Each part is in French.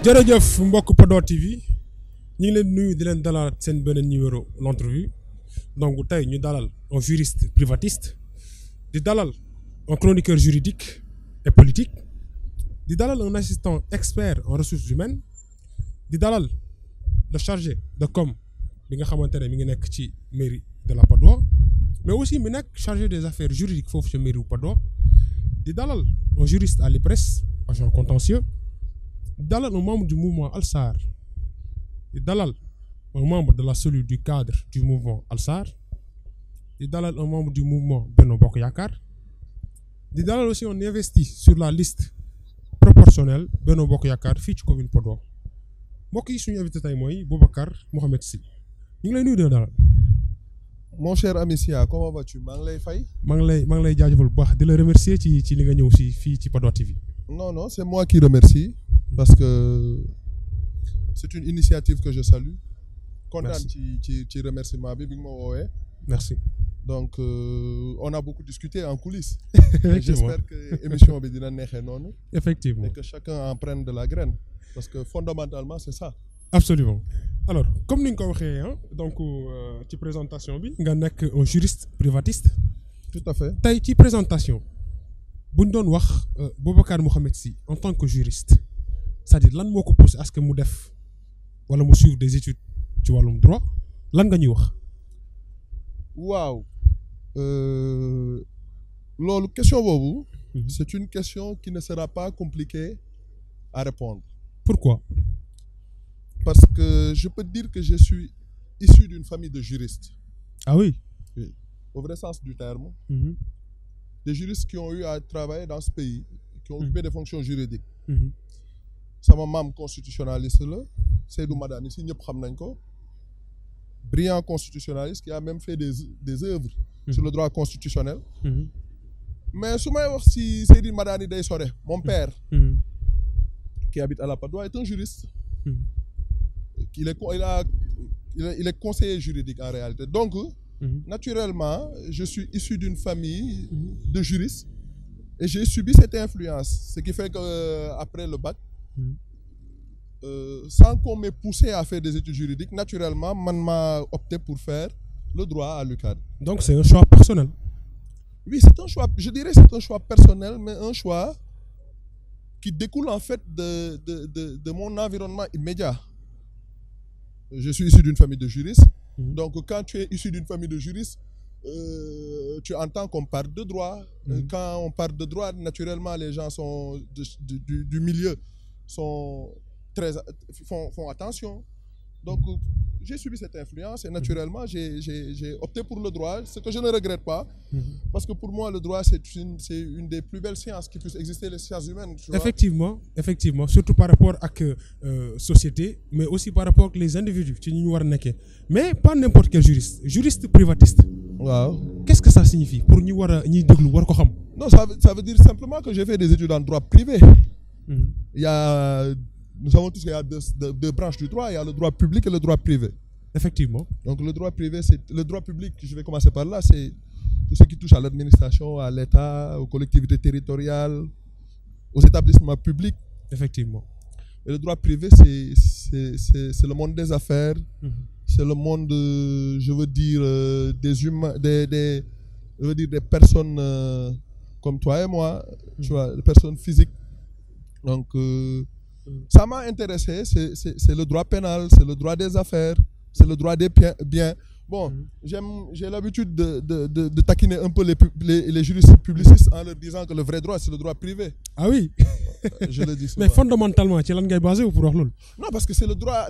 jërëjëf mbokk Podor TV ñu ngi leen nuyu di leen dalal seen beneen numéro l'entrevue donc tey ñu dalal un juriste privatiste di dalal un chroniqueur juridique et politique di dalal un assistant expert en ressources humaines di dalal le chargé de com bi nga xamante ne mi ngi nekk ci mairie de la Padoa mais aussi mi nekk chargé des affaires juridiques foofu ci mairie bu Padoa di dalal un juriste à l'ipresse agent contentieux dalal un membre du mouvement Al-Sahar et dalal un membre de la cellule du cadre du mouvement Al-Sahar et dalal un membre du mouvement Beno Bokoyakar. et di dalal aussi on investit sur la liste proportionnelle Beno Bokoyakar Fitch fii ci commune Podor suis invité à moi Boubacar Mohamed Sy lay dalal. mon cher ami comment vas-tu Je ngi lay fay. mang remercie lay maa lay jaajëfal bu baax remercier TV. Non, non, c'est moi qui remercie parce que c'est une initiative que je salue. Content qui remercie ma Merci. Donc, euh, on a beaucoup discuté en coulisses. J'espère que l'émission est Effectivement. Et que chacun en prenne de la graine. Parce que fondamentalement, c'est ça. Absolument. Alors, comme nous avons hein, donc, euh, tu présentation, tu un juriste privatiste. Tout à fait. Taïti as présentation buñ doon wax euh, Boubacar Mohamed Sy en tant que juriste c'est-à-dire lan moo à ce que mu def wala suivre des études ci wàllum droit lan nga ñuy wax. waaw euh, question mhm. c'est une question qui ne sera pas compliquée à répondre. Pourquoi Parce que je peux dire que je suis issu d'une famille de juristes. Ah oui au vrai sens du terme. Mhm des juristes qui ont eu à travailler dans ce pays, qui ont occupé mm-hmm. des fonctions juridiques. mon mm-hmm. membre constitutionnaliste Seydou Madani si brillant constitutionnaliste qui a même fait des œuvres mm-hmm. sur le droit constitutionnel. mais si Seydou Madani mon père. qui habite à la Padoue est un juriste. il est il a il est conseiller juridique en réalité donc. Mhm. Naturellement, je suis issu d'une famille mhm. de juristes et j'ai subi cette influence. Ce qui fait qu'après euh, le bac, mhm. euh, sans qu'on m'ait poussé à faire des études juridiques, naturellement, man m'a opté pour faire le droit à l'UCAD. Donc c'est un choix personnel Oui, c'est un choix, je dirais c'est un choix personnel, mais un choix qui découle en fait de mon environnement immédiat. Je suis issu d'une famille de juristes Mhm. Donc, quand tu es issu d'une famille de juristes, euh, tu entends qu'on parle de droit. Euh, mhm. Quand on parle de droit, naturellement, les gens sont du, milieu sont très, font attention. Donc, j'ai subi cette influence et naturellement, j'ai opté pour le droit, ce que je ne regrette pas, mhm. parce que pour moi, le droit, c'est une, une, des plus belles sciences qui puissent exister, les sciences humaines. Effectivement, effectivement, surtout par rapport à la euh, société, mais aussi par rapport aux individus. Mais pas n'importe quel juriste, juriste privatiste. Qu'est-ce que ça signifie pour nous Non, ça veut, ça veut dire simplement que j'ai fait des études en droit privé. Mhm. Il y a nous savons tous qu'il y a deux, branches du droit, il y a le droit public et le droit privé. Effectivement. Donc le droit privé, c'est le droit public, je vais commencer par là, c'est tout ce qui touche à l'administration, à l'État, aux collectivités territoriales, aux établissements publics. Effectivement. Et le droit privé, c'est le monde des affaires, mhm. c'est le monde, euh, je veux dire, euh, des des, je veux dire, des personnes euh, comme toi et moi, mhm. tu vois, des personnes physiques. Donc, ça m'a intéressé, c'est le droit pénal, c'est le droit des affaires, c'est le droit des biens. Bon, mhm. j'ai l'habitude de, taquiner un peu les, les, juristes publicistes en leur disant que le vrai droit, c'est le droit privé. Ah oui euh, Je le dis souvent. Mais fondamentalement, tu es basé ou pour Non, parce que c'est le droit.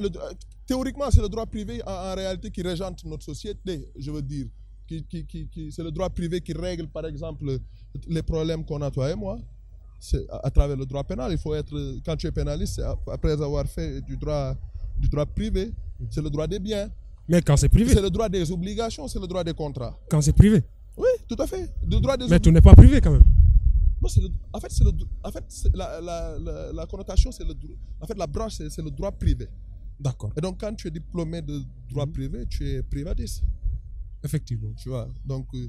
théoriquement, c'est le droit privé en, réalité qui régente notre société, je veux dire. c'est le droit privé qui règle, par exemple, les problèmes qu'on a, toi et moi. C'est à travers le droit pénal. Il faut être, quand tu es pénaliste, après avoir fait du droit, du droit privé, c'est le droit des biens. Mais quand c'est privé C'est le droit des obligations, c'est le droit des contrats. Quand c'est privé Oui, tout à fait. Le droit des Mais tu n'es pas privé quand même. Non, en fait, le, en fait la, la, la, connotation, c'est le En fait, la branche, c'est le droit privé. D'accord. Et donc, quand tu es diplômé de droit mhm. privé, tu es privatiste. Effectivement. Tu vois. Donc, euh,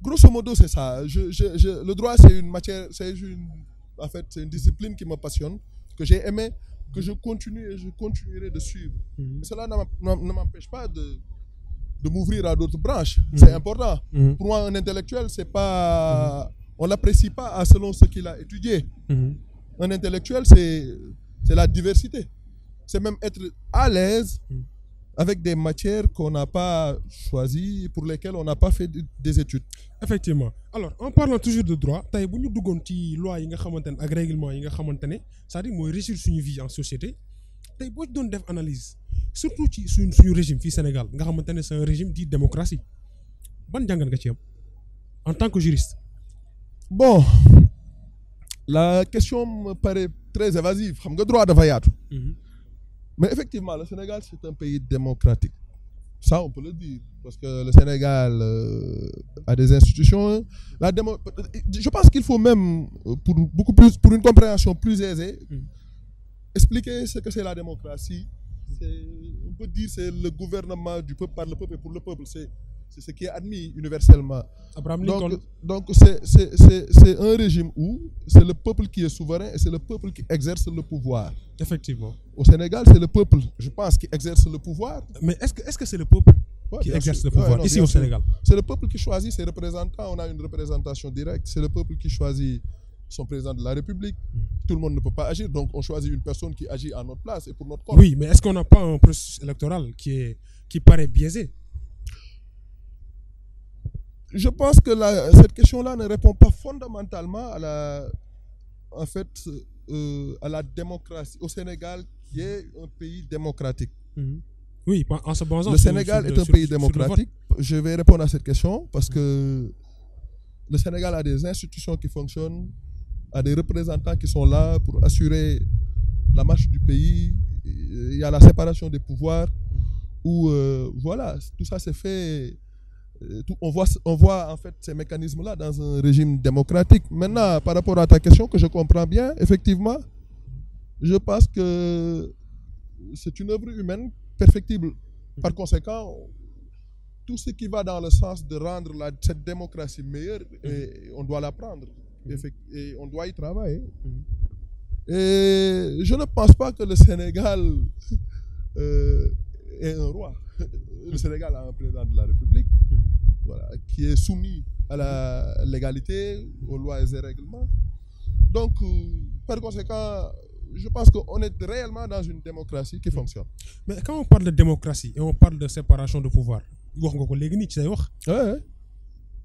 grosso modo, c'est ça. le droit, c'est une matière, c'est une, en fait, une discipline qui me passionne, que j'ai aimé, que je continue et je continuerai de suivre. Mhm. Cela ne m'empêche pas de, m'ouvrir à d'autres branches. Mhm. C'est important. Mhm. Pour moi, un intellectuel, c'est pas, on l'apprécie pas selon ce qu'il a étudié. Un intellectuel, c'est, c'est la diversité. C'est même être à l'aise avec des matières qu'on n'a pas choisies, pour lesquelles on n'a pas fait des études. Effectivement. Alors, en parlant toujours de droit, si nous les Tu loi, un règlement, c'est-à-dire que réussir une vie en société, si nous avons une analyse, surtout sur le régime au Sénégal, c'est un régime dit démocratie. Bon, en tant que juriste Bon, la question me paraît très évasive. Je sais droit de voyage. Mais effectivement, le Sénégal, c'est un pays démocratique. Ça, on peut le dire, parce que le Sénégal euh, a des institutions. Hein. La Je pense qu'il faut même, euh, pour, beaucoup plus, pour une compréhension plus aisée, mm. expliquer ce que c'est la démocratie. On peut dire c'est le gouvernement du peuple par le peuple et pour le peuple. C'est c'est ce qui est admis universellement. Abraham Donc, c'est un régime où c'est le peuple qui est souverain et c'est le peuple qui exerce le pouvoir. Effectivement. Au Sénégal, c'est le peuple, je pense, qui exerce le pouvoir. Mais est-ce que c'est -ce le peuple qui exerce le pouvoir ici au Sénégal C'est le peuple qui choisit ses représentants. On a une représentation directe. C'est le peuple qui choisit son président de la République. Hmm. Tout le monde ne peut pas agir, donc on choisit une personne qui agit à notre place et pour notre compte. Oui, mais est-ce qu'on n'a pas un processus électoral qui, est, qui paraît biaisé je pense que cette question-là ne répond pas fondamentalement à la, en fait, euh, à la démocratie au Sénégal, qui est un pays démocratique. Mhm. Oui, en bon sens. Le Sénégal est un pays démocratique. Je vais répondre à cette question parce que le Sénégal a des institutions qui fonctionnent, a des représentants qui sont là pour assurer la marche du pays. Il y a la séparation des pouvoirs. Où, euh, voilà, tout ça s'est fait euh, on, voit, on voit en fait ces mécanismes-là dans un régime démocratique. Maintenant, par rapport à ta question, que je comprends bien, effectivement, je pense que c'est une œuvre humaine perfectible. Par conséquent, tout ce qui va dans le sens de rendre cette démocratie meilleure, mm-hmm. on doit la prendre mm-hmm. et on doit y travailler. Mm-hmm. Et je ne pense pas que le Sénégal euh, est un roi. Le Sénégal a un président de la République qui est soumis à la légalité, aux lois et aux règlements. Donc, euh, par conséquent, je pense qu'on est réellement dans une démocratie qui fonctionne. Mais quand on parle de démocratie et on parle de séparation de pouvoir,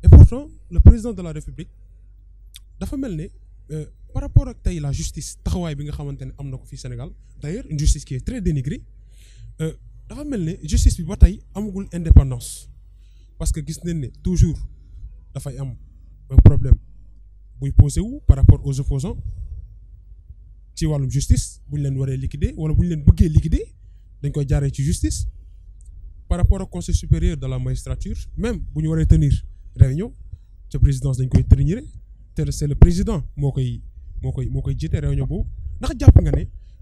et pourtant, le président de la République, euh, par rapport à la justice d'ailleurs une justice qui est très dénigrée la euh, justice bi ba indépendance parce que gis nañ ne toujours pas am un problème buy posé par rapport aux opposants ci walum justice une justice, leen waree liquider wala buñ ñu leen liquider dañ koy ci justice par rapport au conseil supérieur de la magistrature même vous waré voulez tenir réunion la présidence dañ koy tenir c'est le président qui koy moo koy réunion boobu ndax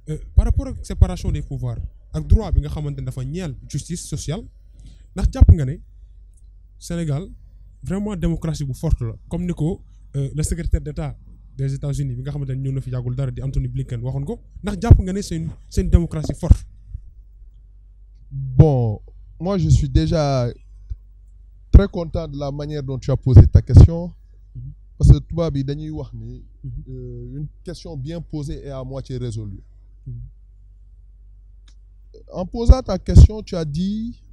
euh, par rapport à la séparation des pouvoirs ak droit bi nga justice sociale ndax japp nga ne. Sénégal vraiment démocratie bu forte comme Nico, euh, le secrétaire d'État des États-Unis bi nga Anthony Blinken ko ndax nga démocratie forte. Bon, moi je suis déjà très content de la manière dont tu as posé ta question. Mm-hmm. Parce que toi, mm-hmm. euh, une question bien posée et à moitié résolue. Mm-hmm. En posant ta question, tu as dit,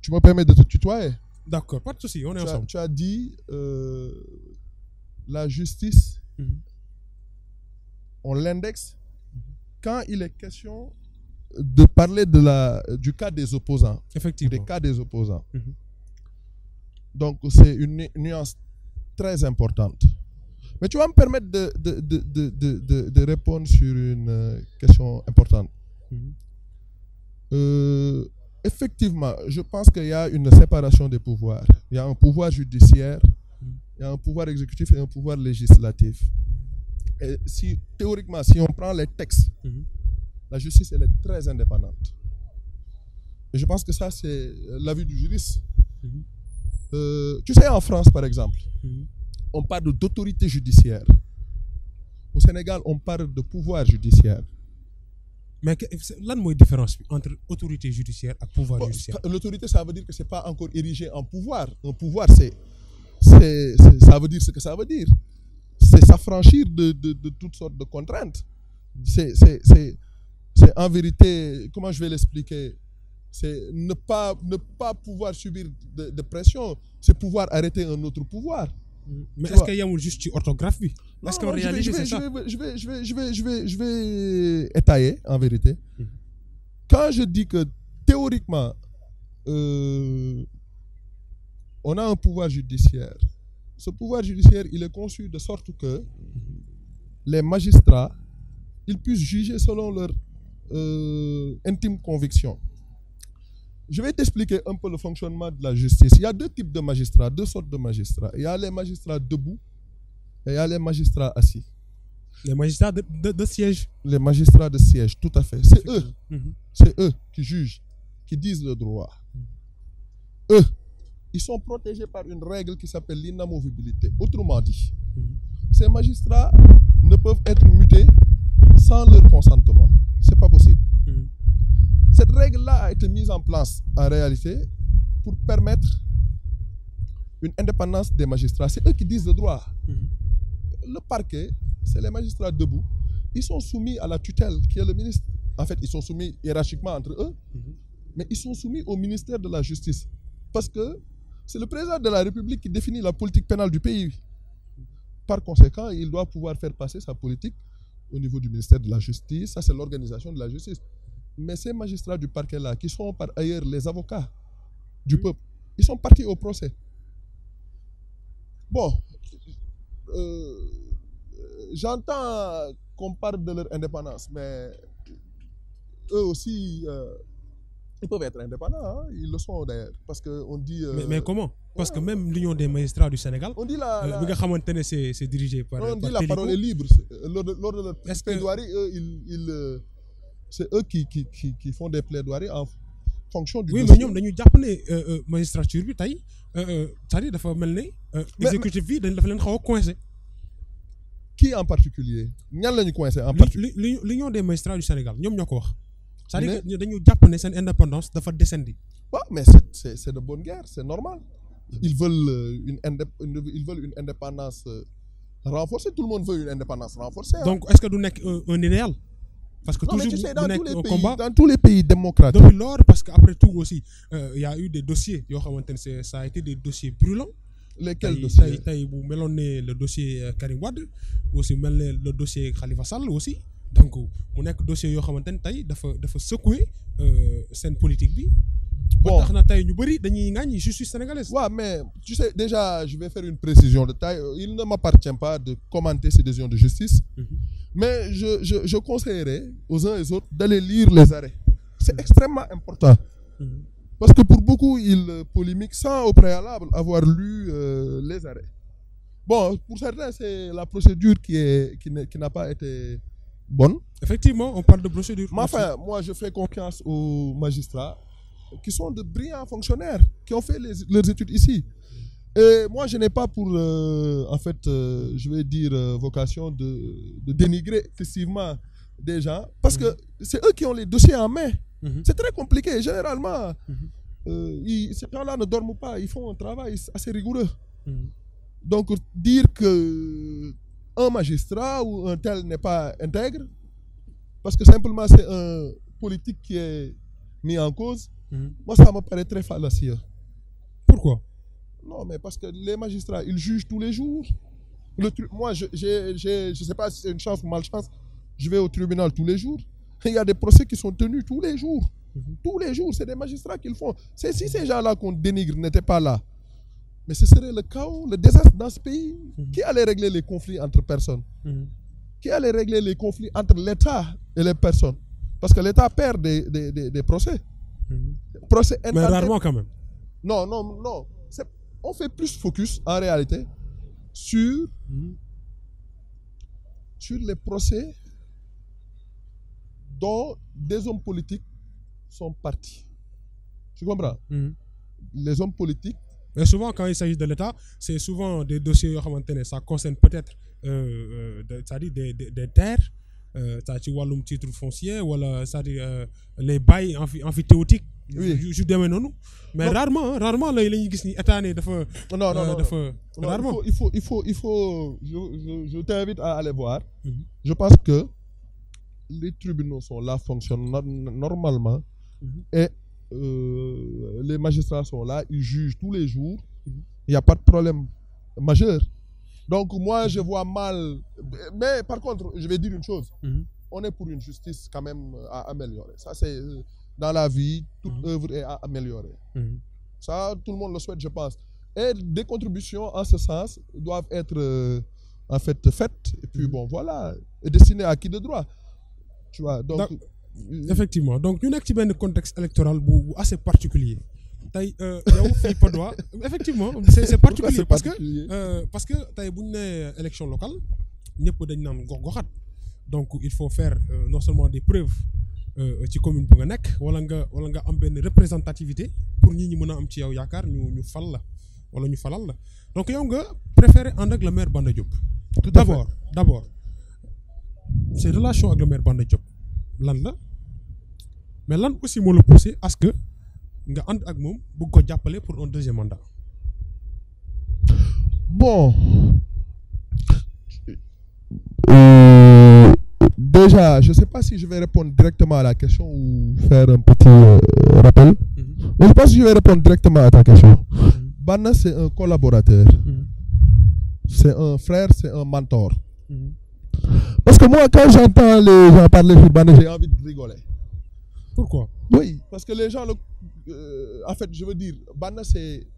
tu me permets de te tutoyer D'accord, pas de souci, on est ensemble. tu as dit euh, la justice, mhm. on l'indexe quand il est question de parler de la, du cas des opposants. Effectivement. Des cas des opposants. Mhm. Donc, c'est une nuance très importante. Mais tu vas me permettre de, de, de répondre sur une euh, question importante. Mhm. Euh, effectivement, je pense qu'il y a une séparation des pouvoirs. Il y a un pouvoir judiciaire, il y a un pouvoir exécutif et un pouvoir législatif. si, théoriquement, si on prend les textes, mhm. la justice, elle est très indépendante. je pense que ça, c'est euh, l'avis du juriste. Mhm. Euh, tu sais, en France, par exemple, mhm. on parle d'autorité judiciaire. Au Sénégal, on parle de pouvoir judiciaire mais a une différence entre autorité judiciaire et pouvoir judiciaire. l'autorité ça veut dire que c'est pas encore érigé en pouvoir un pouvoir c'est c'est ça veut dire ce que ça veut dire c'est s'affranchir de, de toutes sortes de contraintes c'est c'est c'est c'est en vérité comment je vais l'expliquer c'est ne pas ne pas pouvoir subir de, de pression c'est pouvoir arrêter un autre pouvoir mais est-ce qu'il y a juste une orthographe Est-ce je vais, je, vais, je, vais, étayer, en vérité. Mhm. Quand je dis que théoriquement, euh, on a un pouvoir judiciaire, ce pouvoir judiciaire, il est conçu de sorte que mhm. les magistrats, ils puissent juger selon leur euh, intime conviction. Je vais t'expliquer un peu le fonctionnement de la justice. Il y a deux types de magistrats, deux sortes de magistrats. Il y a les magistrats debout et il y a les magistrats assis. Les magistrats de, siège. Les magistrats de siège, tout à fait. C'est eux. Mhm. C'est eux qui jugent, qui disent le droit. Mhm. Eux, ils sont protégés par une règle qui s'appelle l'inamovibilité. Autrement dit, mhm. ces magistrats ne peuvent être mutés sans leur consentement. C'est pas possible règle-là a été mise en place en réalité pour permettre une indépendance des magistrats. C'est eux qui disent le droit. Mhm. Le parquet, c'est les magistrats debout. Ils sont soumis à la tutelle qui est le ministre. En fait, ils sont soumis hiérarchiquement entre eux, mhm. mais ils sont soumis au ministère de la Justice. Parce que c'est le président de la République qui définit la politique pénale du pays. Par conséquent, il doit pouvoir faire passer sa politique au niveau du ministère de la Justice. Ça, c'est l'organisation de la justice. Mais ces magistrats du parquet-là, qui sont par ailleurs les avocats du mm. peuple, ils sont partis au procès. Bon, euh, euh, j'entends qu'on parle de leur indépendance, mais eux aussi, euh, ils peuvent être indépendants, hein. ils le sont d'ailleurs. Parce on dit. mais, comment Parce que même l'Union des magistrats du Sénégal, on dit la, dirigé par. On dit la parole est libre. Lors de, leur eux, ils c'est eux qui qui qui qui font des plaidoiries en fonction du. oui mais nous, nous avons une magistrature bi ont euh, euh, c'est-à-dire dafa ne. Euh, exécutif bi dañ dafa coincé. qui en particulier ñan sommes coincé en particulier l'union des magistrats du Sénégal nous, sommes ko wax. c'est-à-dire que nous avons ne indépendance dafa descendre. Oui, mais c'est de bonne guerre c'est normal. ils veulent une ils veulent une indépendance renforcée tout le monde veut une indépendance renforcée. Hein. donc est-ce que nous sommes un idéal. Parce que non, toujours, tu sais, dans, tous les pays, dans tous les pays démocrates. Depuis lors, parce qu'après tout aussi, euh, il y a eu des dossiers, ça a été des dossiers brûlants. Lesquels dossiers Vous mélangez le dossier euh, Karim Wad, aussi le dossier Khalifa Sall aussi. Donc, on a des dossiers qui ont secoué secouer euh, scène politique bon je suis sénégalais. Ouais, mais tu sais, déjà, je vais faire une précision de taille. Il ne m'appartient pas de commenter ces décisions de justice, mhm. mais je, je, conseillerais aux uns et aux autres d'aller lire les arrêts. C'est mhm. extrêmement important. Mhm. Parce que pour beaucoup, ils polémiquent sans au préalable avoir lu euh, les arrêts. Bon, pour certains, c'est la procédure qui n'a qui, pas été bonne. Effectivement, on parle de procédure. Mais enfin, moi, je fais confiance aux magistrats qui sont de brillants fonctionnaires, qui ont fait leurs études ici. Et moi, je n'ai pas pour, euh, en fait, euh, je vais dire, euh, vocation de, dénigrer effectivement des gens, parce que c'est eux qui ont les dossiers en main. Mhm. C'est très compliqué. Généralement, mhm. ces gens-là ne dorment pas, ils font un travail assez rigoureux. Mhm. Donc, dire que un magistrat ou un tel n'est pas intègre, parce que simplement c'est un politique qui est mis en cause, Mhm. Moi, ça me paraît très fallacieux. Pourquoi Non, mais parce que les magistrats, ils jugent tous les jours. Le moi, je ne sais pas si c'est une chance ou malchance, je vais au tribunal tous les jours. Il y a des procès qui sont tenus tous les jours. Mhm. Tous les jours, c'est des magistrats qui le font. C'est si ces gens-là qu'on dénigre n'étaient pas là. Mais ce serait le chaos, le désastre dans ce pays. Mhm. Qui allait régler les conflits entre personnes Qui allait régler les conflits entre l'État et les personnes Parce que l'État perd des procès. Mhm. Procès Mais rarement quand même. Non, non, non. On fait plus focus en réalité sur, mhm. sur les procès dont des hommes politiques sont partis. Tu comprends mhm. Les hommes politiques. Mais souvent, quand il s'agit de l'État, c'est souvent des dossiers, ça concerne peut-être euh, euh, des, des, des terres euh, titre foncier cest euh, les bails amphithéotiques oui je, demee mais rarement hein, rarement là, la sont gis état euh, non dafa. non non non. rarement il faut il faut il faut je je je t'invite à aller voir. Mhm. je pense que les tribunaux sont là fonctionnent normalement. Mhm. et les magistrats sont là ils jugent tous les jours. Mhm. il y a pas de problème majeur. Donc moi, je vois mal. Mais par contre, je vais dire une chose. Mhm. On est pour une justice quand même euh, à améliorer. Ça, c'est euh, dans la vie, toute mhm. œuvre est à améliorer. Mhm. Ça, tout le monde le souhaite, je pense. Et des contributions en ce sens doivent être euh, en fait faites. Et puis bon, voilà, et destinées à qui de droit. Tu vois. Donc, effectivement. Donc, nous avons un contexte électoral assez particulier tey euh, yow fii Padois effectivement c'est particulier parce que euh, parce que tay bu ñu nee élection locale ñëpp dañ naan gox goxaat donc il faut faire euh, non seulement des preuves ci commune bu nga nekk wala nga wala nga am benn représentativité pour ñi ñi mën a am ci yow yaakaar ñu ñu fal la wala ñu falal la donc yow nga préféré ànd ak le maire Banda Diop. tout d'abord d'abord ses relations ak le maire Banda Diop lan la mais lan aussi moo la poussé à ce que pour un deuxième mandat. bon euh, déjà je sais pas si je vais répondre directement à la question ou faire un petit euh, rappel. Mhm. Je ne Mais je pense je vais répondre directement à ta question. Mhm. Bana c'est un collaborateur. Mhm. C'est un frère, c'est un mentor. Parce que moi quand j'entends les gens parler de Bana j'ai envie de rigoler. Pourquoi Oui, parce que les gens, le, euh, en fait, je veux dire, Bana c'est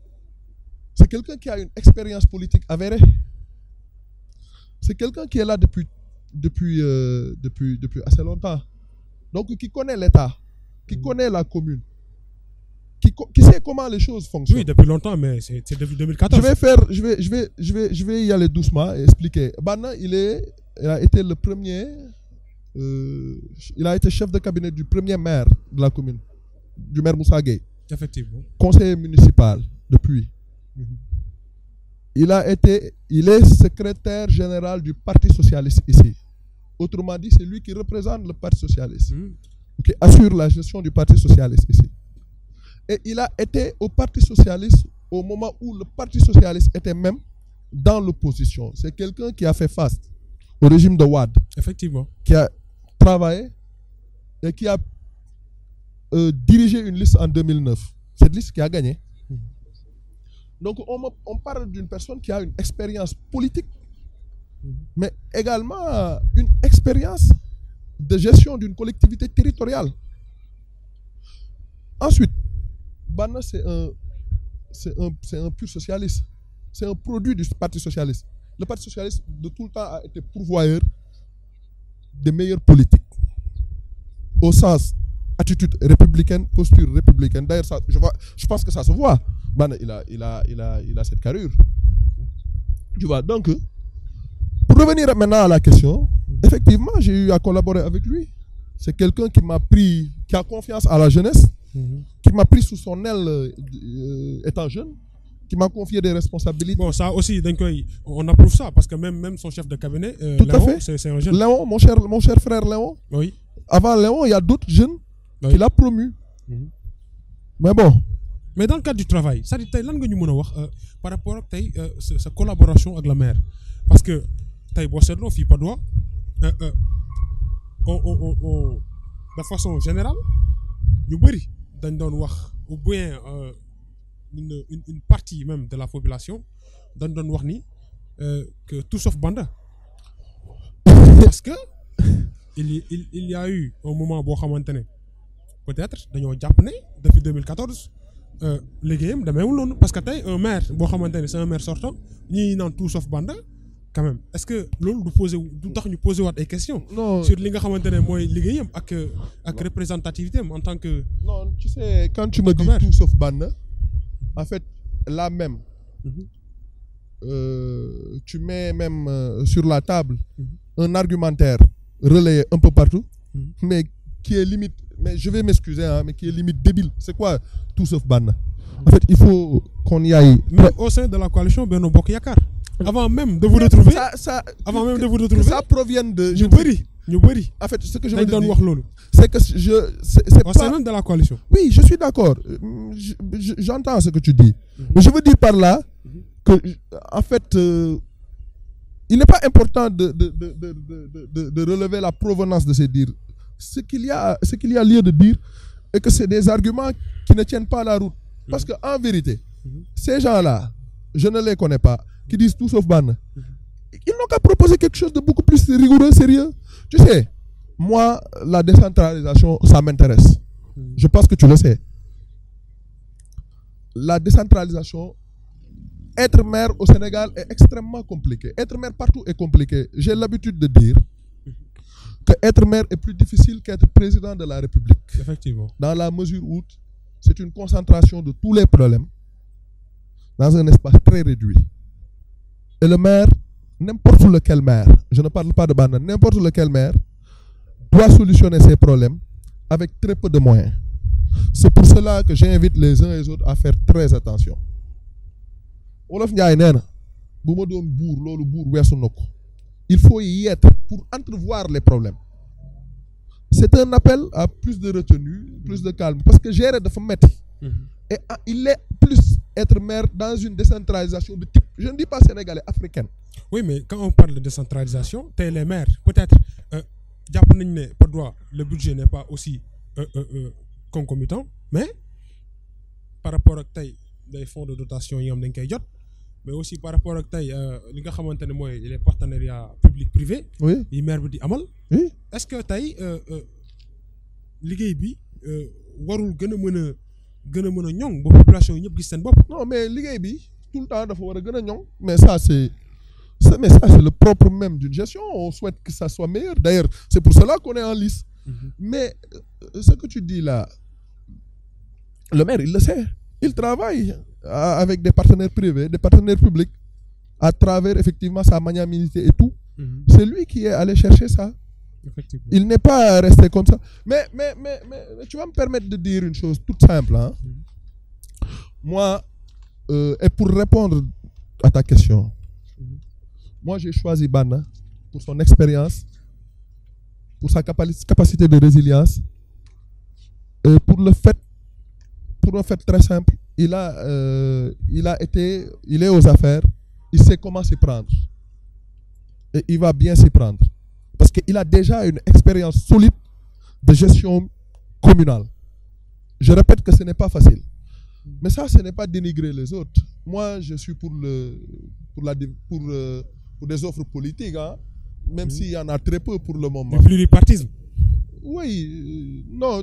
quelqu'un qui a une expérience politique avérée. C'est quelqu'un qui est là depuis, depuis, euh, depuis, depuis assez longtemps. Donc, qui connaît l'État, qui mm. connaît la commune, qui, qui, sait comment les choses fonctionnent. Oui, depuis longtemps, mais c'est depuis 2014. Je vais, faire, je, vais, je, vais, je, vais, je vais y aller doucement et expliquer. Bana, il, est, il a été le premier euh, il a été chef de cabinet du premier maire de la commune, du maire Moussa Effectivement. Conseiller municipal depuis. Il a été, il est secrétaire général du Parti socialiste ici. Autrement dit, c'est lui qui représente le Parti socialiste, hmm. qui assure la gestion du Parti socialiste ici. Et il a été au Parti socialiste au moment où le Parti socialiste était même dans l'opposition. C'est quelqu'un qui a fait face au régime de Wad. Effectivement. Qui a travaillé et qui a euh, dirigé une liste en 2009. Cette liste qui a gagné. Donc on, parle d'une personne qui a une expérience politique, mais également euh, une expérience de gestion d'une collectivité territoriale. Ensuite, Bana, c'est un pur socialiste. C'est un produit du Parti socialiste. Le Parti socialiste, de tout le temps, a été pourvoyeur des meilleures politiques au sens attitude républicaine, posture républicaine. D'ailleurs, je, vois, je pense que ça se voit. Ben, il, a, il, a, il, a, il a cette carrure. Tu vois, donc, pour revenir maintenant à la question, effectivement, j'ai eu à collaborer avec lui. C'est quelqu'un qui m'a pris, qui a confiance à la jeunesse, mhm. qui m'a pris sous son aile euh, étant jeune qui m'a confié des responsabilités. Bon, ça aussi, on approuve ça, parce que même, même son chef de cabinet, euh, Tout Léon, c'est un jeune. Léon, mon cher, mon cher frère Léon. Oui. Avant Léon, il y a d'autres jeunes oui. qu'il a promu. Mhm. Mais bon. Mais dans le cadre du travail, ça dit, qu'est-ce que nous par rapport à euh, sa collaboration avec la mère Parce que, tu as dit, pas droit. De façon générale, nous le dit, ou bien. Euh, une, une, partie même de la population dans le euh, que tout sauf Banda parce que il y il, y a eu un moment où on peut-être depuis 2014 les games parce que un maire c'est un maire sortant ñii naan tout sauf Banda quand même est-ce que l'on nous pose des questions. sur li nga xamante ne avec la euh, représentativité en tant que. non tu sais quand tu me dis tout sauf Banda. En fait, là même, mhm. euh, tu mets même euh, sur la table mhm. un argumentaire relayé un peu partout, mhm. mais qui est limite, mais je vais m'excuser, hein, mais qui est limite débile. C'est quoi tout sauf ban En fait, il faut qu'on y aille. Mais au sein de la coalition Beno Bokyakar, avant même de vous retrouver, ça, avant même de vous retrouver, ça provient de. Je, en fait ce que je veux dire c'est que je c'est la coalition. oui je suis d'accord j'entends ce que tu dis. Mhm. mais je veux dire par là mhm. que en fait euh, il n'est pas important de de relever la provenance de ces dires ce qu'il y a ce qu'il y a lieu de dire est que c'est des arguments qui ne tiennent pas la route. parce mhm. qu'en vérité. ces gens-là je ne les connais pas qui disent tout sauf ban » ils n'ont qu'à proposer quelque chose de beaucoup plus rigoureux, sérieux. Tu sais, moi, la décentralisation, ça m'intéresse. Je pense que tu le sais. La décentralisation, être maire au Sénégal est extrêmement compliqué. Être maire partout est compliqué. J'ai l'habitude de dire que être maire est plus difficile qu'être président de la République. Effectivement. Dans la mesure où c'est une concentration de tous les problèmes dans un espace très réduit. Et le maire n'importe lequel maire, je ne parle pas de banane, n'importe lequel maire doit solutionner ses problèmes avec très peu de moyens. C'est pour cela que j'invite les uns et les autres à faire très attention. il faut y être pour entrevoir les problèmes c'est un appel à plus de retenue plus de calme parce que gérer de mettre mm-hmm. et ah, il est plus être maire dans une décentralisation de type je ne dis pas sénégalais, africaine. Oui, mais quand on parle de décentralisation, tu les maires. Peut-être, euh, le budget n'est pas aussi euh, euh, euh concomitant, mais par rapport à des fonds de dotation, mais aussi par rapport à euh, les partenariats public-privé, les maires dit Amal. Est-ce que tu as euh euh gën a population non mais tout le temps il mais ça c'est le propre même d'une gestion on souhaite que ça soit meilleur d'ailleurs c'est pour cela qu'on est en lice mm-hmm. mais euh, ce que tu dis là le maire il le sait il travaille euh, avec des partenaires privés des partenaires publics à travers effectivement sa magnanimité et tout mm-hmm. c'est lui qui est allé chercher ça il n'est pas resté comme ça mais mais, mais mais tu vas me permettre de dire une chose toute simple hein. Mm-hmm. moi euh, et pour répondre à ta question, mhm. moi j'ai choisi Bana pour son expérience, pour sa capacité de résilience, et pour le fait, pour un fait très simple, il a, euh, il a été, il est aux affaires, il sait comment s'y prendre. Et il va bien s'y prendre. Parce qu'il a déjà une expérience solide de gestion communale. Je répète que ce n'est pas facile. Mais ça, ce n'est pas dénigrer les autres. Moi, je suis pour, le, pour, la, euh, pour, des offres politiques, hein, même mmh. s'il y en a très peu pour le moment. Le pluripartisme Oui, euh, non,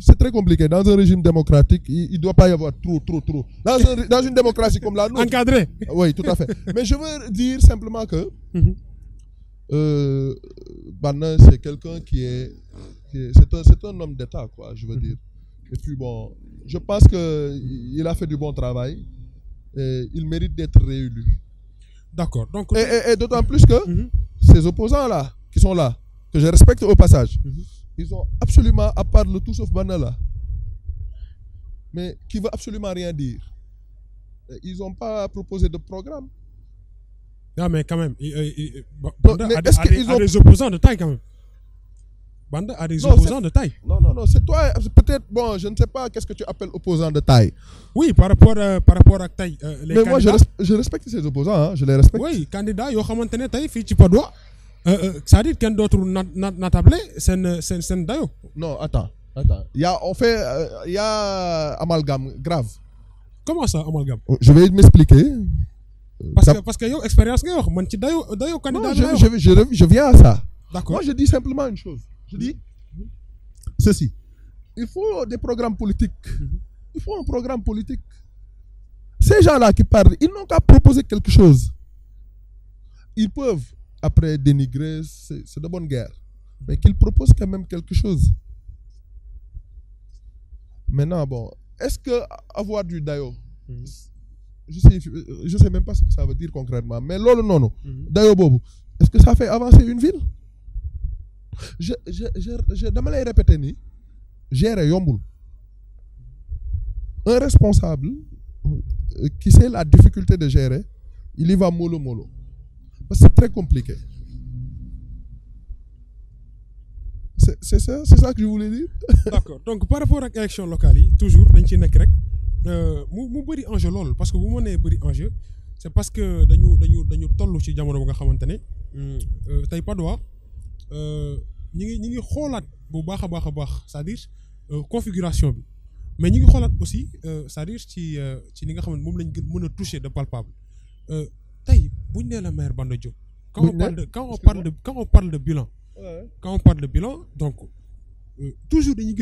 c'est très compliqué. Dans un régime démocratique, il ne doit pas y avoir trop, trop, trop. Dans, une démocratie comme la nôtre. Encadré Oui, tout à fait. Mais je veux dire simplement que mmh euh, Banin, c'est quelqu'un qui est. C'est un, homme d'État, quoi, je veux mmh dire. Et puis bon, je pense qu'il a fait du bon travail. Et il mérite d'être réélu. D'accord. Donc... Et, d'autant plus que mhm. ces opposants-là, qui sont là, que je respecte au passage, mhm. ils ont absolument, à part le tout sauf Banala, mais qui ne veut absolument rien dire. Ils n'ont pas proposé de programme. Non, ah, mais quand même. Ils, ont... des opposants de taille, quand même à des opposants de taille. Non, non, non, c'est toi. Peut-être, bon, je ne sais pas qu'est-ce que tu appelles opposant de taille. Oui, par rapport, euh, par rapport à taille. Euh, Mais moi, je, respecte ces opposants, hein, je les respecte. Oui, candidat, yo xamantene taille fi ci pas droit. ça dire qu'un d'autre natablé, c'est c'est c'est d'ailleurs Non, attends, attends. Il y a on fait euh, il y a amalgame grave. Comment ça amalgame oh, Je vais m'expliquer. Parce que parce que yo expérience d'ailleurs candidat. Non, je, je, je, je viens à ça. D'accord. Moi je dis simplement une chose. Je dis ceci. Il faut des programmes politiques. Mhm. Il faut un programme politique. Ces gens-là qui parlent, ils n'ont qu'à proposer quelque chose. Ils peuvent, après, dénigrer, c'est de bonne guerre. Mais qu'ils proposent quand même quelque chose. Maintenant, bon, est-ce que avoir du Dayo, mhm. je sais, je sais même pas ce que ça veut dire concrètement, mais lolo non, non, mhm. Dayo Bobo, est-ce que ça fait avancer une ville je je je dama répéter ni gérer yombul un responsable euh, qui sait la difficulté de gérer il y va mollo mollo parce c'est très compliqué c'est ça c'est ça que je voulais dire. d'accord donc par rapport à l'élection locale toujours dañ ci nek rek euh, mu mu un enjeu parce que vous ma nee un enjeu c'est parce que dañu dañu dañu toll ci jamono bu vous n'avez pas pas droit ñi configuration mais nous aussi euh, c'est-à-dire euh, toucher de palpable euh, quand on parle de quand on parle bilan. quand on parle de bilan donc toujours nous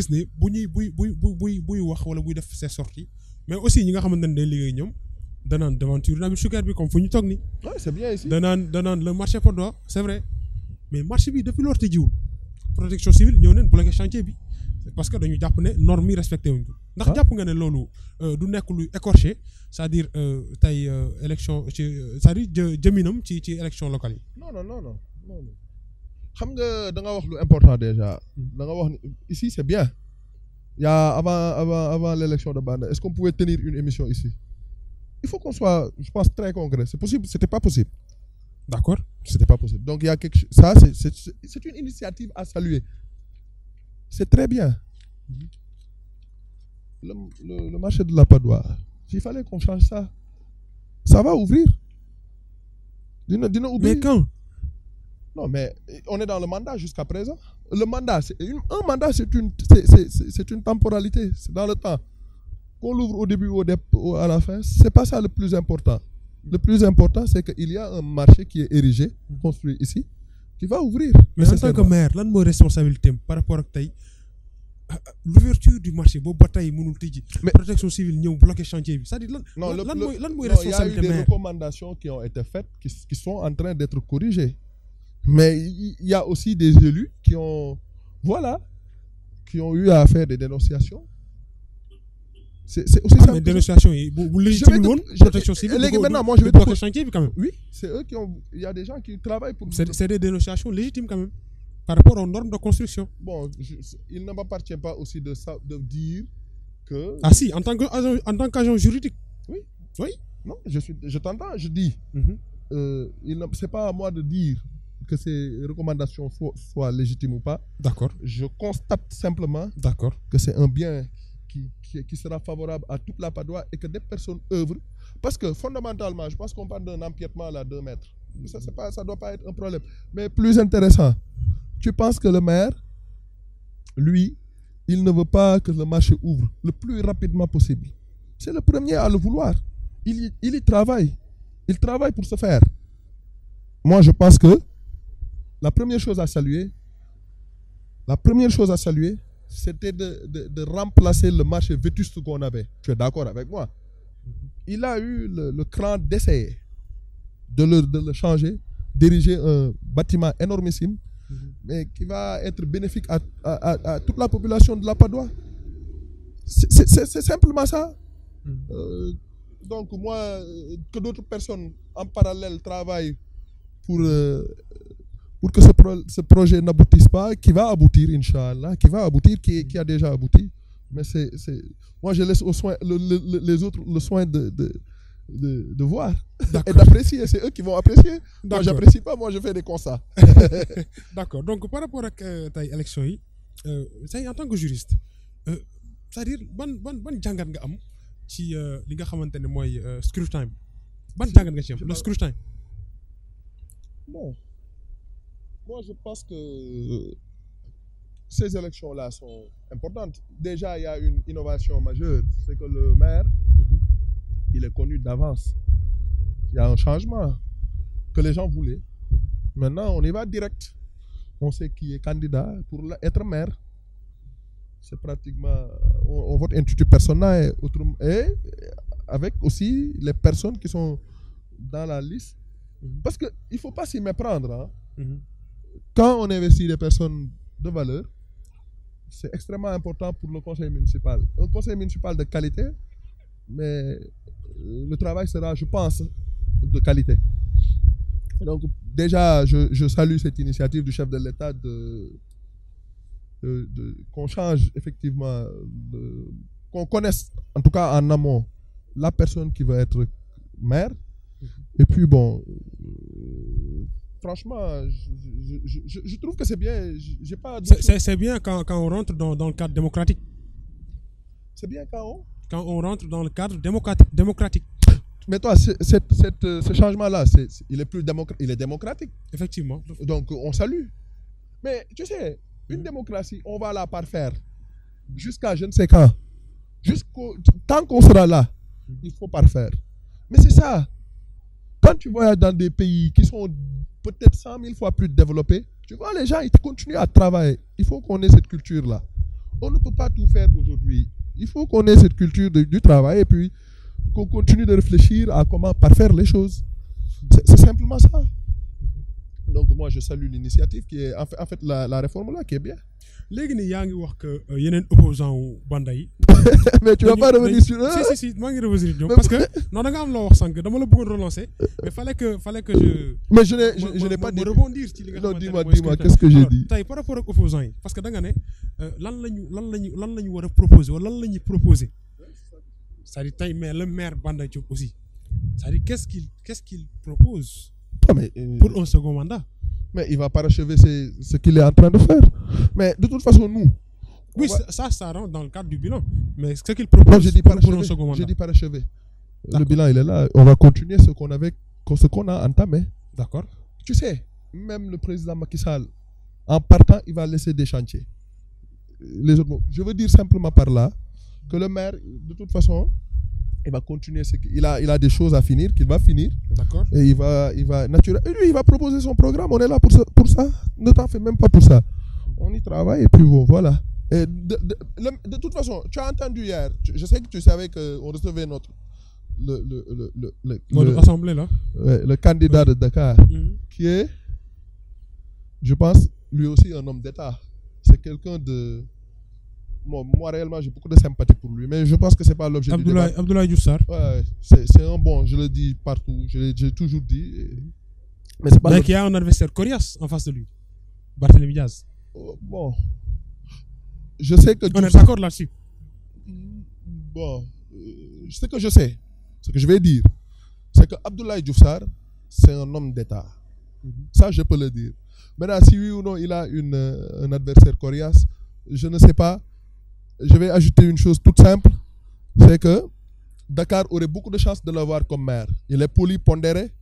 mais aussi nous nga le marché c'est vrai mais marché bi depuis lors La protection civile ñëw neen bloqué chantier bi parce que dañu les ne normes yi respecté wuñ ko ndax ah. japp nga ne loolu euh, du nekk lu écorché c'est-à-dire euh, tey euh, élection ci c'est-à-dire jëminam ci ci élection locale non non non non non xam nga da nga wax lu important déjà hmm. da nga wax ici c'est bien il y a avant avant avant l'élection de Banda est-ce qu'on pouvait tenir une émission ici il faut qu'on soit je pense très concret c'est possible c'était pas possible d'accord c'était pas possible. Donc il y a quelque ça c'est une initiative à saluer. C'est très bien. Le, marché de la Padoie, s'il fallait qu'on change ça, ça va ouvrir. Dites-nous, mais quand Non, mais on est dans le mandat jusqu'à présent. Le mandat, un mandat, c'est une, c'est une temporalité, c'est dans le temps. Qu'on l'ouvre au début ou à la fin, c'est pas ça le plus important. Le plus important, c'est qu'il y a un marché qui est érigé, mhm. construit ici, qui va ouvrir. Mais en tant que maire, de mes responsabilité par rapport à ça l'ouverture du marché la bataille, la mënul mais protection civile ñëw bloqué chantier c'est-à-dire non il y a eu des recommandations qui ont été faites qui sont en train d'être corrigées. mais il y a aussi des élus qui ont voilà qui ont eu à faire des dénonciations. C'est aussi ah, ça. Mais dénonciation, vous légitimez protection civile. Les, maintenant, moi, je vais te protection civile quand même. Oui, c'est eux qui ont. Il y a des gens qui travaillent pour. C'est des dénonciations légitimes quand même par rapport aux normes de construction. Bon, il ne m'appartient pas aussi de, ça, de dire que. Ah si, en tant qu'agent juridique. Oui. Oui. Non, je je t'entends, je dis. Ce mhm. euh, n'est c'est pas à moi de dire que ces recommandations soient, soient légitimes ou pas. D'accord. Je constate simplement. D'accord. Que c'est un bien qui, sera favorable à toute la Padoie et que des personnes œuvrent. Parce que fondamentalement, je pense qu'on parle d'un empiètement à deux mètres. Ça ne doit pas être un problème. Mais plus intéressant, tu penses que le maire, lui, il ne veut pas que le marché ouvre le plus rapidement possible. C'est le premier à le vouloir. Il y, il y travaille. Il travaille pour se faire. Moi, je pense que la première chose à saluer, la première chose à saluer, c'était de, remplacer le marché vétuste qu'on avait. Tu es d'accord avec moi Il a eu le, cran d'essayer de le, de changer, diriger un bâtiment énormissime, mais qui va être bénéfique à, toute la population de la Padoie. C'est simplement ça. Mm-hmm. Euh, donc moi, euh, que d'autres personnes en parallèle travaillent pour euh, pour que ce, projet n'aboutisse pas, qui va aboutir, Inch'Allah, qui va aboutir, qui, a déjà abouti. Mais c'est, moi, je laisse aux les autres le soin de, voir et d'apprécier. C'est eux qui vont apprécier. Moi, j'apprécie pas, moi, je fais des constats. D'accord. Donc, par rapport à euh, ta élection, euh, en tant que juriste, euh, c'est-à-dire, bonne bonne bonne bon moi, je pense que euh, ces élections-là sont importantes. Déjà, il y a une innovation majeure, c'est que le maire, mhm. il est connu d'avance. Il y a un changement que les gens voulaient. Mhm. Maintenant, on y va direct. On sait qui est candidat pour être maire. C'est pratiquement, on, vote un et, et avec aussi les personnes qui sont dans la liste. Mhm. Parce qu'il ne faut pas s'y méprendre. Hein quand on investit des personnes de valeur, c'est extrêmement important pour le conseil municipal. Un conseil municipal de qualité, mais euh, le travail sera, je pense, de qualité. Donc déjà, je, salue cette initiative du chef de l'État de, qu'on change effectivement, qu'on connaisse en tout cas en amont la personne qui va être maire. Mm-hmm. Et puis bon, euh, franchement, je, trouve que c'est bien. J'ai pas c'est, bien quand, on rentre dans, le cadre démocratique. C'est bien quand on Quand on rentre dans le cadre démocratique. Mais toi, euh, ce changement-là, il, est plus il est démocratique. Effectivement. Donc, on salue. Mais tu sais, une mm-hmm. démocratie, on va la parfaire jusqu'à je ne sais quand. Jusqu'au, tant qu'on sera là, mm-hmm. il faut parfaire. Mais c'est ça. Quand tu voyages dans des pays qui sont peut-être 100 000 fois plus développé. Tu vois, les gens, ils continuent à travailler. Il faut qu'on ait cette culture-là. On ne peut pas tout faire aujourd'hui. Il faut qu'on ait cette culture du travail et puis qu'on continue de réfléchir à comment parfaire les choses. C'est simplement ça donc moi je salue l'initiative qui est en fait, la, la, réforme là qui est bien. Les nii yaa ngi wax que euh, opposant au bandai. mais tu vas pas revenir sur eux. si hein? si si je vais revenir ñoom parce que non da nga am loo wax sànq relancer mais fallait que fallait que je. mais je n'ai je, pas dit rebondir tu dis. non dis-moi dis-moi qu'est-ce que j'ai dit. par rapport aux opposants, parce que da nga ne euh, lan la lan lan a proposer lan proposer c'est-à-dire mais le maire bandai aussi c'est-à-dire qu'est-ce qu'il qu'est-ce qu'il propose. Euh, pour un second mandat. Mais il va pas achever ce qu'il est en train de faire. Mais de toute façon, nous. Oui, ça, ça rentre dans le cadre du bilan. Mais ce qu'il propose je dis pour, un second mandat. Je dis achever. Le bilan, il est là. On va continuer ce qu'on avait, ce qu'on a entamé. D'accord. Tu sais, même le président Macky Sall, en partant, il va laisser des chantiers. Les autres, je veux dire simplement par là que le maire, de toute façon, il va continuer. Il a, il a des choses à finir qu'il va finir. D'accord. Et il va, il va naturellement. Lui, il va proposer son programme. On est là pour, pour ça. Ne t'en fais même pas pour ça. On y travaille et puis bon, voilà. Et de, toute façon, tu as entendu hier. je sais que tu savais qu'on recevait notre. Le, le, le, le là. le candidat de Dakar, mhm. qui est, je pense, lui aussi un homme d'État. C'est quelqu'un de moi réellement j'ai beaucoup de sympathie pour lui, mais je pense que c'est pas l'objet du débat. Abdoulaye Youssar. Ouais, c'est un bon, je le dis partout, je l'ai toujours dit. Mais c'est pas. Donc il y a un adversaire coriace en face de lui, Barthélémy Diaz. Euh, bon, je sais que. On est d'accord là-dessus. Bon, euh, ce que je sais, ce que je vais dire, c'est que Abdoulaye Djoufsar, c'est un homme d'État. Mhm. Ça, je peux le dire. Maintenant, si oui ou non il a une, euh, un adversaire coriace, je ne sais pas je vais ajouter une chose toute simple, c'est que Dakar aurait beaucoup de chance de l'avoir comme maire. Il est poli, pondéré,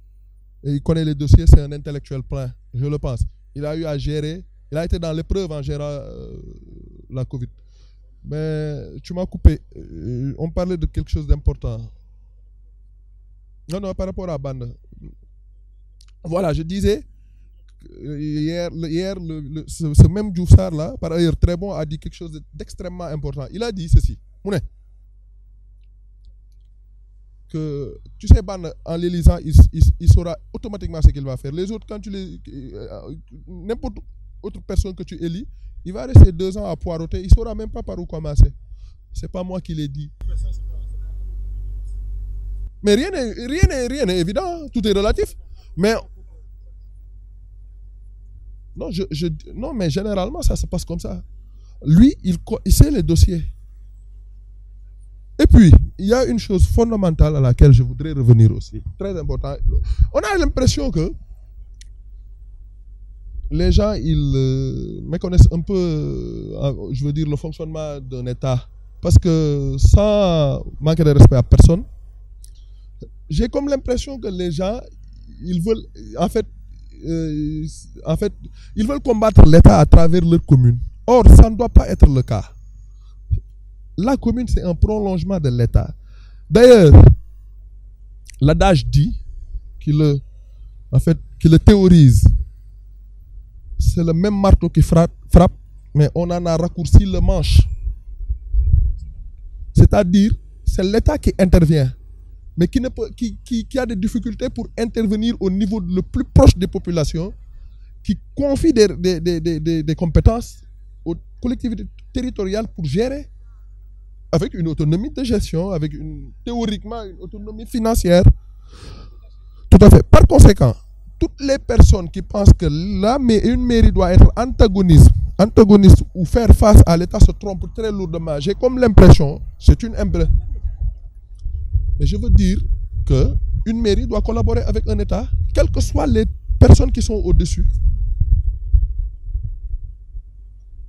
et il connaît les dossiers, c'est un intellectuel plein, je le pense. Il a eu à gérer, il a été dans l'épreuve en gérant euh, la Covid. Mais tu m'as coupé, euh, on parlait de quelque chose d'important. Non, non, par rapport à Bande. Voilà, je disais, hier, hier ce, même Djoussar là, par ailleurs très bon, a dit quelque chose d'extrêmement important. Il a dit ceci, Mouné, que tu sais, en l'élisant, il, il, saura automatiquement ce qu'il va faire. Les autres, quand tu les. Euh, n'importe autre personne que tu élis, il va rester deux ans à poireauter, il ne saura même pas par où commencer. C'est pas moi qui l'ai dit. Mais rien n'est rien, rien évident, hein. tout est relatif. Mais non, je, je, non, mais généralement, ça se passe comme ça. Lui, il, il sait les dossiers. Et puis, il y a une chose fondamentale à laquelle je voudrais revenir aussi, très important. On a l'impression que les gens, ils euh, méconnaissent un peu, euh, je veux dire, le fonctionnement d'un État. Parce que sans manquer de respect à personne, j'ai comme l'impression que les gens, ils veulent, en fait, euh, en fait, ils veulent combattre l'État à travers leur commune. Or, ça ne doit pas être le cas. La commune, c'est un prolongement de l'État. D'ailleurs, l'adage dit qu'il le, en fait, théorise. C'est le même marteau qui frappe, frappe, mais on en a raccourci le manche. C'est-à-dire, c'est l'État qui intervient mais qui, qui, a des difficultés pour intervenir au niveau le plus proche des populations, qui confie des, compétences aux collectivités territoriales pour gérer avec une autonomie de gestion, avec une, théoriquement une autonomie financière. Tout à fait. Par conséquent, toutes les personnes qui pensent que la, une mairie doit être antagoniste, antagoniste ou faire face à l'État se trompent très lourdement. J'ai comme l'impression, c'est une impression je veux dire que une mairie doit collaborer avec un État, quelles que soient les personnes qui sont au-dessus.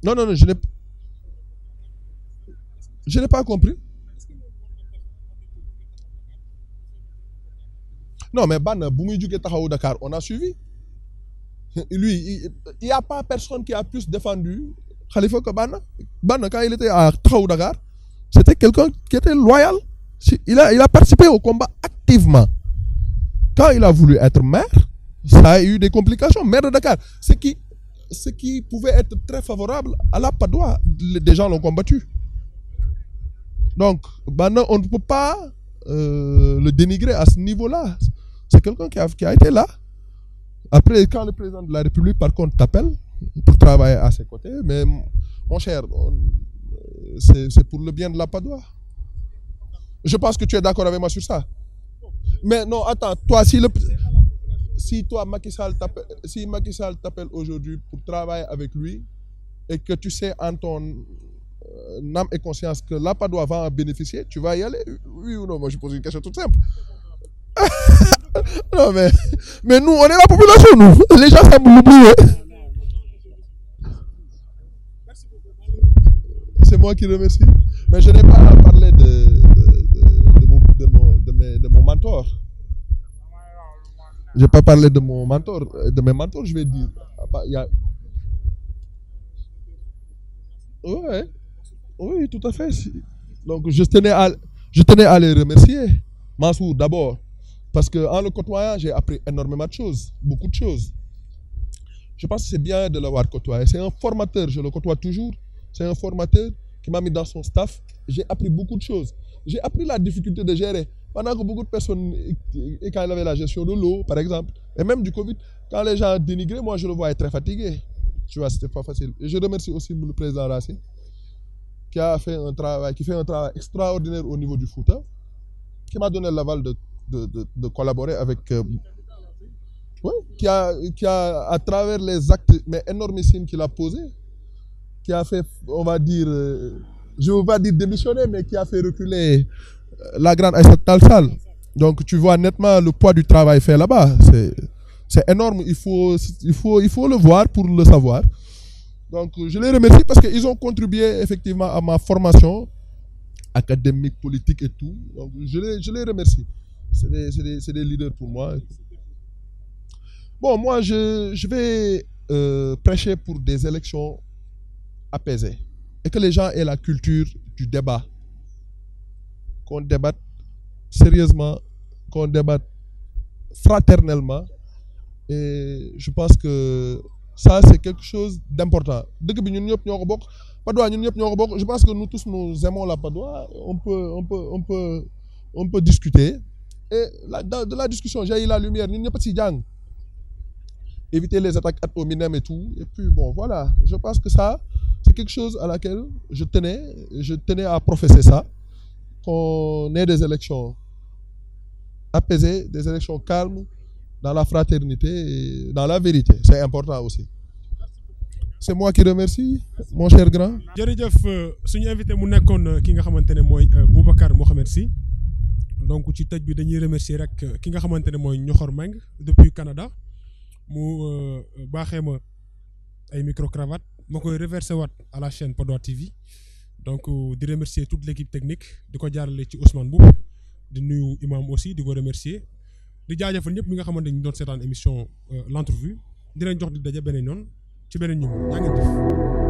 Non, non, non, je n'ai je n'ai pas compris. Non, mais Ban, Dakar, on a suivi. Lui, il n'y a pas personne qui a plus défendu Khalifa que Ban. Ban, quand il était à Tahao Dakar, c'était quelqu'un qui était loyal. Il a, participé au combat activement. Quand il a voulu être maire, ça a eu des complications. Maire de Dakar, ce qui, ce qui pouvait être très favorable à la Padoie, des gens l'ont combattu. Donc, on ne peut pas euh, le dénigrer à ce niveau-là. C'est quelqu'un qui a, qui a été là. Après, quand le président de la République, par contre, t'appelle pour travailler à ses côtés, mais mon cher, euh, c'est pour le bien de la Padoie. Je pense que tu es d'accord avec moi sur ça. Mais non, attends, toi, si le. Si toi, Macky Sall t'appelle aujourd'hui pour travailler avec lui et que tu sais en ton euh, âme et conscience que l'APADOA va en bénéficier, tu vas y aller Oui ou non Moi, je pose une question toute simple. non, mais, mais nous, on est la population, nous. Les gens Merci beaucoup. Hein. C'est moi qui remercie. Mais je n'ai pas à parler de de mon mentor. Je pas parler de mon mentor, euh, de mes mentors, je vais dire. Ah, bah, il y a... Oui, tout à fait. Donc, je tenais à, je tenais à les remercier. Mansour, d'abord, parce qu'en le côtoyant, j'ai appris énormément de choses, beaucoup de choses. Je pense que c'est bien de l'avoir côtoyé. C'est un formateur, je le côtoie toujours. C'est un formateur qui m'a mis dans son staff. J'ai appris beaucoup de choses. J'ai appris la difficulté de gérer. Pendant que beaucoup de personnes, et quand il avait la gestion de l'eau, par exemple, et même du Covid, quand les gens dénigraient, moi je le voyais très fatigué. Tu vois, c'était pas facile. Et je remercie aussi le président Racine, qui a fait un travail, qui fait un travail extraordinaire au niveau du foot, hein, qui m'a donné l'aval de, de, de, collaborer avec. Euh, qui, a, à travers les actes, mais énormissimes qu'il a posés, qui a fait, on va dire, euh, je ne veux pas dire démissionner, mais qui a fait reculer la grande Aïssata Talsal. Donc tu vois nettement le poids du travail fait là-bas. C'est énorme, il faut, il, faut, il faut le voir pour le savoir. Donc je les remercie parce qu'ils ont contribué effectivement à ma formation académique, politique et tout. Donc je les, remercie. C'est des, des, leaders pour moi. Bon, moi je, vais euh, prêcher pour des élections apaisées et que les gens aient la culture du débat qu'on débatte sérieusement, qu'on débatte fraternellement. Et je pense que ça, c'est quelque chose d'important. Je pense que nous tous, nous aimons la Padoie. On peut, on peut, on peut, on discuter. Et de la discussion, j'ai eu la lumière. Nous de gang. Éviter les attaques à et tout. Et puis, bon, voilà. Je pense que ça, c'est quelque chose à laquelle je tenais. Je tenais à professer ça qu'on ait des élections apaisées, des élections calmes, dans la fraternité et dans la vérité. C'est important aussi. C'est moi qui remercie, mon cher grand. jërëjëf euh, suñu invité mu nekkoon euh, ki nga xamante euh, Boubacar Mohamed Si. donc ci tëj bi dañuy remercier rek ki nga xamante Meng depuis Canada mu baaxee ma ay micro cravate ma koy à la chaîne Padoa TV donc euh, di remercier toute l'équipe technique de ko jaarale ci Ousmane Boub di nuyu imam aussi de ko remercier di jaajëfal ñep mi nga xamanté ni doon sétane émission euh, l'entrevue di len jox di daje benen yoon ci benen ñum yaa def